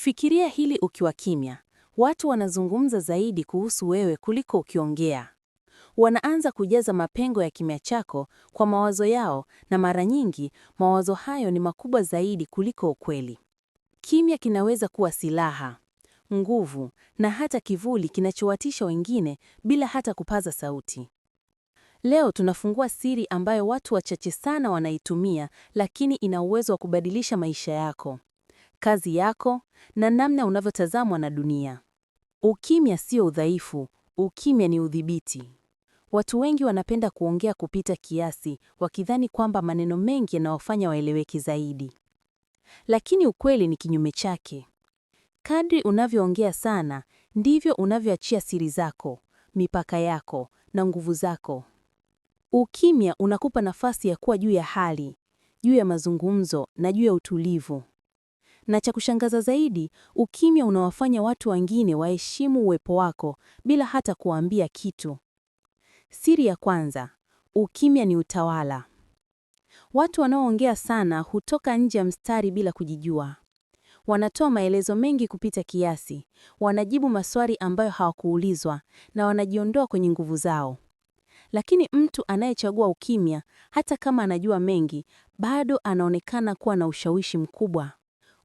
Fikiria hili ukiwa kimya. Watu wanazungumza zaidi kuhusu wewe kuliko ukiongea. Wanaanza kujaza mapengo ya kimya chako kwa mawazo yao, na mara nyingi mawazo hayo ni makubwa zaidi kuliko ukweli. Kimya kinaweza kuwa silaha, nguvu na hata kivuli kinachowatisha wengine bila hata kupaza sauti. Leo tunafungua siri ambayo watu wachache sana wanaitumia, lakini ina uwezo wa kubadilisha maisha yako kazi yako na namna unavyotazamwa na dunia. Ukimya sio udhaifu, ukimya ni udhibiti. Watu wengi wanapenda kuongea kupita kiasi, wakidhani kwamba maneno mengi yanawafanya waeleweki zaidi, lakini ukweli ni kinyume chake. Kadri unavyoongea sana, ndivyo unavyoachia siri zako, mipaka yako na nguvu zako. Ukimya unakupa nafasi ya kuwa juu ya hali, juu ya mazungumzo na juu ya utulivu. Na cha kushangaza zaidi, ukimya unawafanya watu wengine waheshimu uwepo wako bila hata kuwaambia kitu. Siri ya kwanza, ukimya ni utawala. Watu wanaoongea sana hutoka nje ya mstari bila kujijua. Wanatoa maelezo mengi kupita kiasi, wanajibu maswali ambayo hawakuulizwa na wanajiondoa kwenye nguvu zao. Lakini mtu anayechagua ukimya, hata kama anajua mengi, bado anaonekana kuwa na ushawishi mkubwa.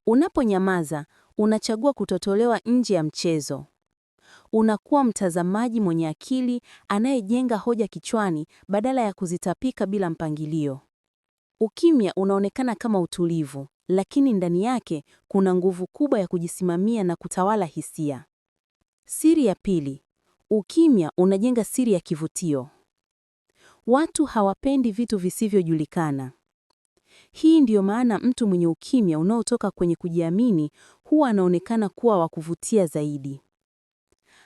Unaponyamaza, unachagua kutotolewa nje ya mchezo. Unakuwa mtazamaji mwenye akili anayejenga hoja kichwani badala ya kuzitapika bila mpangilio. Ukimya unaonekana kama utulivu, lakini ndani yake kuna nguvu kubwa ya kujisimamia na kutawala hisia. Siri ya pili, ukimya unajenga siri ya kivutio. Watu hawapendi vitu visivyojulikana. Hii ndiyo maana mtu mwenye ukimya unaotoka kwenye kujiamini huwa anaonekana kuwa wa kuvutia zaidi.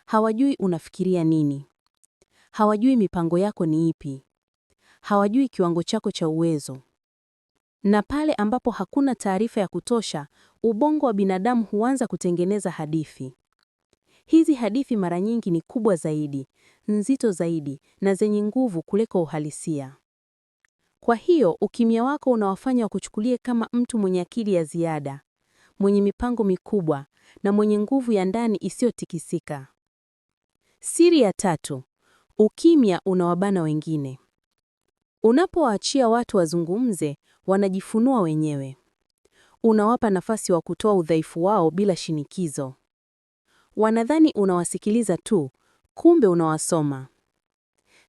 Hawajui unafikiria nini, hawajui mipango yako ni ipi, hawajui kiwango chako cha uwezo. Na pale ambapo hakuna taarifa ya kutosha, ubongo wa binadamu huanza kutengeneza hadithi. Hizi hadithi mara nyingi ni kubwa zaidi, nzito zaidi na zenye nguvu kuliko uhalisia. Kwa hiyo ukimya wako unawafanya wakuchukulie kama mtu mwenye akili ya ziada, mwenye mipango mikubwa na mwenye nguvu ya ndani isiyotikisika. Siri ya tatu: ukimya unawabana wengine. Unapowaachia watu wazungumze, wanajifunua wenyewe. Unawapa nafasi wa kutoa udhaifu wao bila shinikizo. Wanadhani unawasikiliza tu, kumbe unawasoma.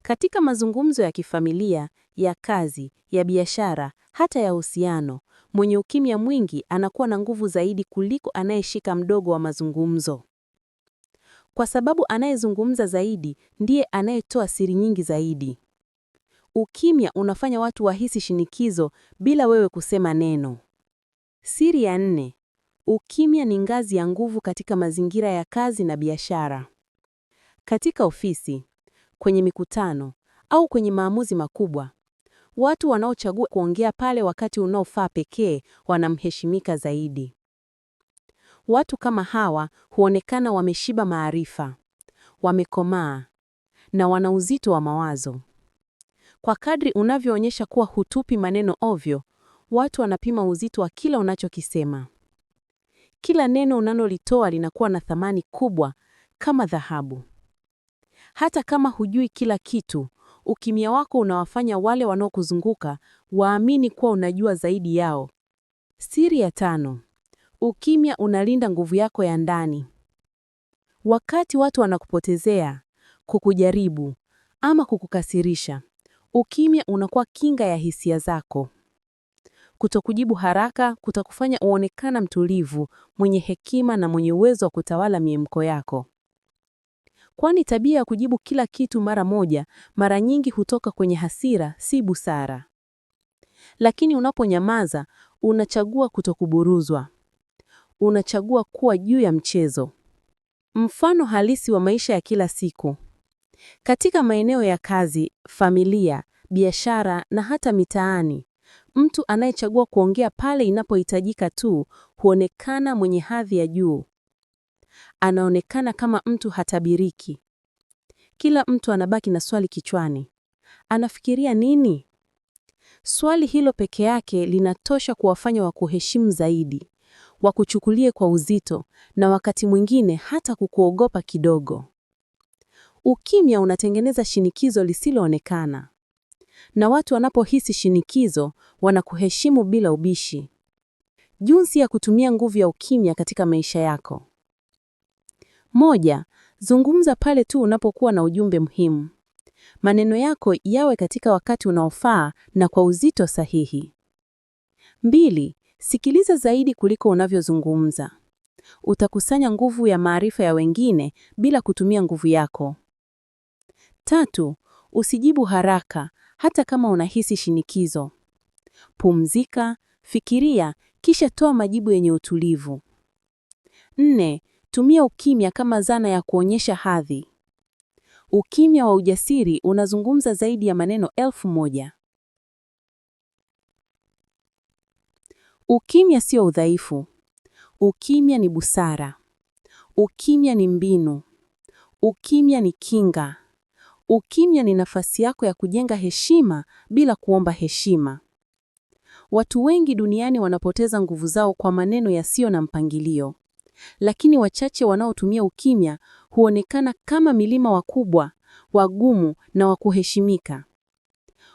Katika mazungumzo ya kifamilia, ya kazi, ya biashara, hata ya uhusiano. Mwenye ukimya mwingi anakuwa na nguvu zaidi kuliko anayeshika mdogo wa mazungumzo, kwa sababu anayezungumza zaidi ndiye anayetoa siri nyingi zaidi. Ukimya unafanya watu wahisi shinikizo bila wewe kusema neno. Siri ya nne: ukimya ni ngazi ya nguvu katika mazingira ya kazi na biashara. Katika ofisi, kwenye mikutano au kwenye maamuzi makubwa, Watu wanaochagua kuongea pale wakati unaofaa pekee wanamheshimika zaidi. Watu kama hawa huonekana wameshiba maarifa, wamekomaa na wana uzito wa mawazo. Kwa kadri unavyoonyesha kuwa hutupi maneno ovyo, watu wanapima uzito wa kila unachokisema. Kila neno unalolitoa linakuwa na thamani kubwa kama dhahabu. Hata kama hujui kila kitu, ukimya wako unawafanya wale wanaokuzunguka waamini kuwa unajua zaidi yao. Siri ya tano: ukimya unalinda nguvu yako ya ndani. Wakati watu wanakupotezea, kukujaribu ama kukukasirisha, ukimya unakuwa kinga ya hisia zako. Kutokujibu haraka kutakufanya uonekana mtulivu, mwenye hekima na mwenye uwezo wa kutawala miemko yako kwani tabia ya kujibu kila kitu mara moja mara nyingi hutoka kwenye hasira, si busara. Lakini unaponyamaza, unachagua kutokuburuzwa, unachagua kuwa juu ya mchezo. Mfano halisi wa maisha ya kila siku katika maeneo ya kazi, familia, biashara na hata mitaani. Mtu anayechagua kuongea pale inapohitajika tu huonekana mwenye hadhi ya juu. Anaonekana kama mtu hatabiriki. Kila mtu anabaki na swali kichwani, anafikiria nini? Swali hilo peke yake linatosha kuwafanya wakuheshimu zaidi, wakuchukulie kwa uzito, na wakati mwingine hata kukuogopa kidogo. Ukimya unatengeneza shinikizo lisiloonekana, na watu wanapohisi shinikizo wanakuheshimu bila ubishi. Jinsi ya kutumia nguvu ya ukimya katika maisha yako. Moja, zungumza pale tu unapokuwa na ujumbe muhimu. Maneno yako yawe katika wakati unaofaa na kwa uzito sahihi. Mbili, sikiliza zaidi kuliko unavyozungumza. Utakusanya nguvu ya maarifa ya wengine bila kutumia nguvu yako. Tatu, usijibu haraka hata kama unahisi shinikizo. Pumzika, fikiria, kisha toa majibu yenye utulivu. Nne, Tumia ukimya kama zana ya kuonyesha hadhi. Ukimya wa ujasiri unazungumza zaidi ya maneno elfu moja. Ukimya sio udhaifu. Ukimya ni busara. Ukimya ni mbinu. Ukimya ni kinga. Ukimya ni nafasi yako ya kujenga heshima bila kuomba heshima. Watu wengi duniani wanapoteza nguvu zao kwa maneno yasiyo na mpangilio lakini wachache wanaotumia ukimya huonekana kama milima wakubwa, wagumu na wa kuheshimika.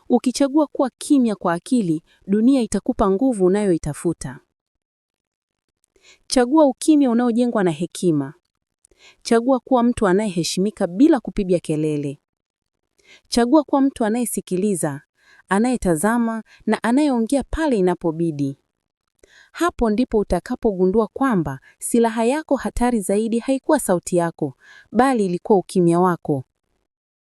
Ukichagua kuwa kimya kwa akili, dunia itakupa nguvu unayoitafuta. Chagua ukimya unaojengwa na hekima. Chagua kuwa mtu anayeheshimika bila kupiga kelele. Chagua kuwa mtu anayesikiliza, anayetazama na anayeongea pale inapobidi. Hapo ndipo utakapogundua kwamba silaha yako hatari zaidi haikuwa sauti yako, bali ilikuwa ukimya wako.